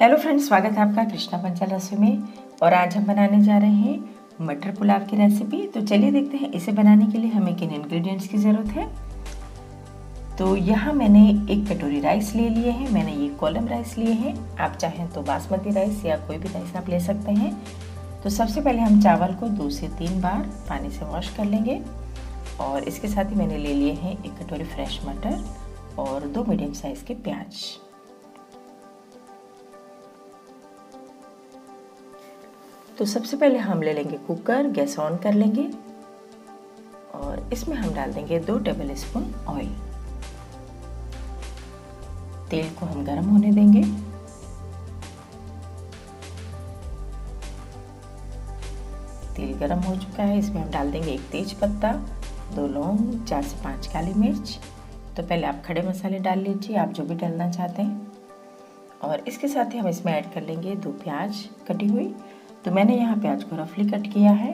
hello friends स्वागत है आपका कृष्णा पंचाल रसोई में और आज हम बनाने जा रहे हैं मटर पुलाव की रेसिपी तो चलिए देखते हैं इसे बनाने के लिए हमें किन इंग्रेडिएंट्स की ज़रूरत है तो यहाँ मैंने एक कटोरी राइस ले लिए हैं मैंने ये कॉलम राइस लिए हैं आप चाहें तो बासमती राइस या कोई भी राइस आप ले सकते हैं तो सबसे पहले हम चावल को दो से तीन बार पानी से वॉश कर लेंगे और इसके साथ ही मैंने ले लिए हैं एक कटोरी फ्रेश मटर और दो मीडियम साइज़ के प्याज़ तो सबसे पहले हम ले लेंगे कुकर गैस ऑन कर लेंगे और इसमें हम डाल देंगे दो टेबल स्पून ऑयल तेल को हम गर्म होने देंगे तेल गर्म हो चुका है इसमें हम डाल देंगे एक तेज पत्ता दो लौंग चार से पाँच काली मिर्च तो पहले आप खड़े मसाले डाल लीजिए आप जो भी डालना चाहते हैं और इसके साथ ही हम इसमें ऐड कर लेंगे दो प्याज कटी हुई तो मैंने यहाँ प्याज को रफली कट किया है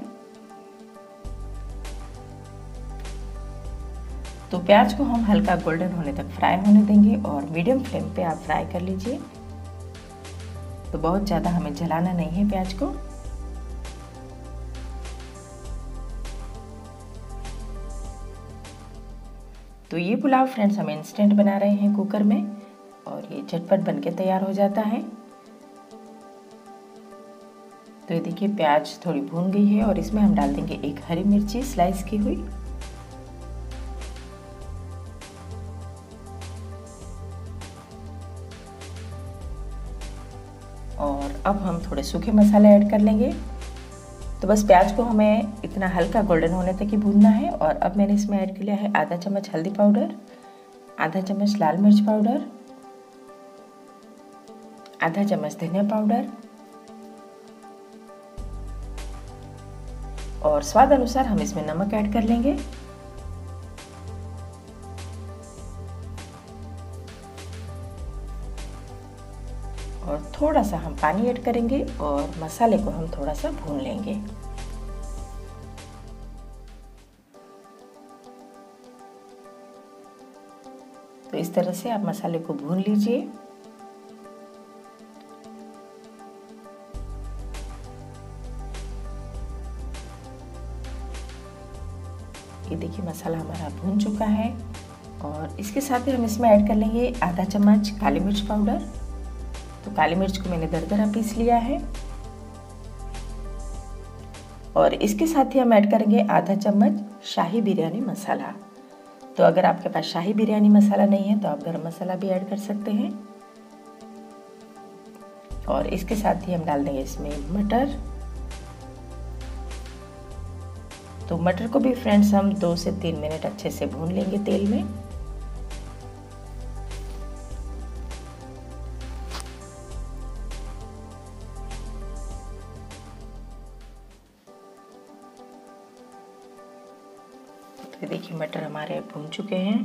तो प्याज को हम हल्का गोल्डन होने तक फ्राई होने देंगे और मीडियम फ्लेम पे आप फ्राई कर लीजिए तो बहुत ज़्यादा हमें जलाना नहीं है प्याज को तो ये पुलाव फ्रेंड्स हम इंस्टेंट बना रहे हैं कुकर में और ये झटपट बनके तैयार हो जाता है तो ये देखिए प्याज थोड़ी भून गई है और इसमें हम डाल देंगे एक हरी मिर्ची स्लाइस की हुई और अब हम थोड़े सूखे मसाले ऐड कर लेंगे तो बस प्याज को हमें इतना हल्का गोल्डन होने तक ही भूनना है और अब मैंने इसमें ऐड किया है आधा चम्मच हल्दी पाउडर आधा चम्मच लाल मिर्च पाउडर आधा चम्मच धनिया पाउडर और स्वाद अनुसार हम इसमें नमक ऐड कर लेंगे और थोड़ा सा हम पानी ऐड करेंगे और मसाले को हम थोड़ा सा भून लेंगे तो इस तरह से आप मसाले को भून लीजिए ये देखिए मसाला हमारा भून चुका है और इसके साथ ही हम इसमें ऐड कर लेंगे आधा चम्मच काली मिर्च पाउडर तो काली मिर्च को मैंने दरदरा पीस लिया है और इसके साथ ही हम ऐड करेंगे आधा चम्मच शाही बिरयानी मसाला तो अगर आपके पास शाही बिरयानी मसाला नहीं है तो आप गर्म मसाला भी ऐड कर सकते हैं और इसके साथ ही हम डाल देंगे इसमें मटर तो मटर को भी फ्रेंड्स हम दो से तीन मिनट अच्छे से भून लेंगे तेल में तो देखिए मटर हमारे भून चुके हैं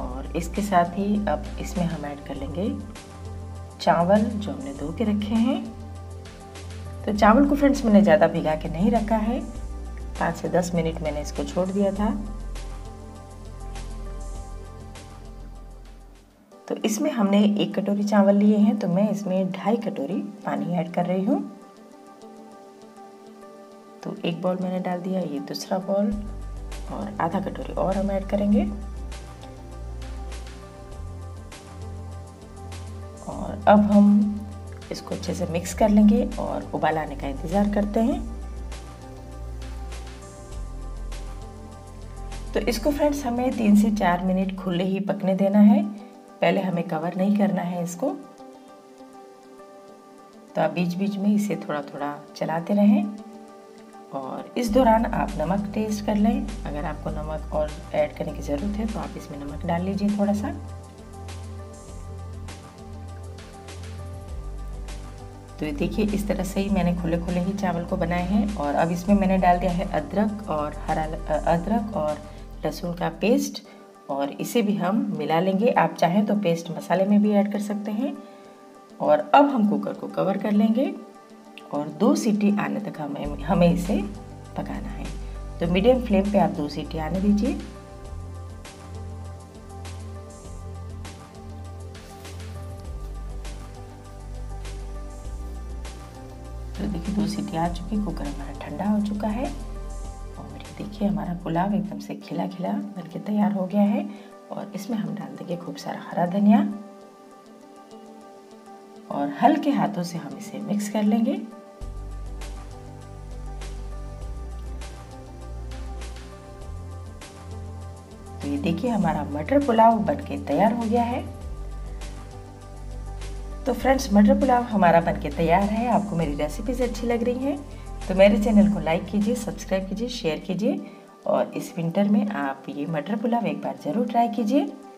और इसके साथ ही अब इसमें हम ऐड कर लेंगे चावल जो हमने धो के रखे हैं तो चावल को फ्रेंड्स मैंने ज़्यादा भिगा के नहीं रखा है पाँच से दस मिनट मैंने इसको छोड़ दिया था तो इसमें हमने एक कटोरी चावल लिए हैं तो मैं इसमें ढाई कटोरी पानी ऐड कर रही हूँ तो एक बॉल मैंने डाल दिया ये दूसरा बॉल और आधा कटोरी और हम ऐड करेंगे और अब हम इसको अच्छे से मिक्स कर लेंगे और उबाल आने का इंतज़ार करते हैं तो इसको फ्रेंड्स हमें तीन से चार मिनट खुले ही पकने देना है पहले हमें कवर नहीं करना है इसको तो आप बीच बीच में इसे थोड़ा थोड़ा चलाते रहें और इस दौरान आप नमक टेस्ट कर लें अगर आपको नमक और ऐड करने की ज़रूरत है तो आप इसमें नमक डाल लीजिए थोड़ा सा तो ये देखिए इस तरह से ही मैंने खुले खुले ही चावल को बनाए हैं और अब इसमें मैंने डाल दिया है अदरक और हरा अदरक और लहसुन का पेस्ट और इसे भी हम मिला लेंगे आप चाहें तो पेस्ट मसाले में भी ऐड कर सकते हैं और अब हम कुकर को कवर कर लेंगे और दो सीटी आने तक हमें हमें इसे पकाना है तो मीडियम फ्लेम पे आप दो सीटी आने दीजिए अभी की दो सीटी आ चुकी कुकर हमारा ठंडा हो चुका है और ये देखिए हमारा पुलाव एकदम से खिला खिला बन के तैयार हो गया है और इसमें हम डाल देंगे खूब सारा हरा धनिया और हल्के हाथों से हम इसे मिक्स कर लेंगे तो ये देखिए हमारा मटर पुलाव बन के तैयार हो गया है तो फ्रेंड्स मटर पुलाव हमारा बनके तैयार है आपको मेरी रेसिपीज़ अच्छी लग रही हैं तो मेरे चैनल को लाइक कीजिए सब्सक्राइब कीजिए शेयर कीजिए और इस विंटर में आप ये मटर पुलाव एक बार ज़रूर ट्राई कीजिए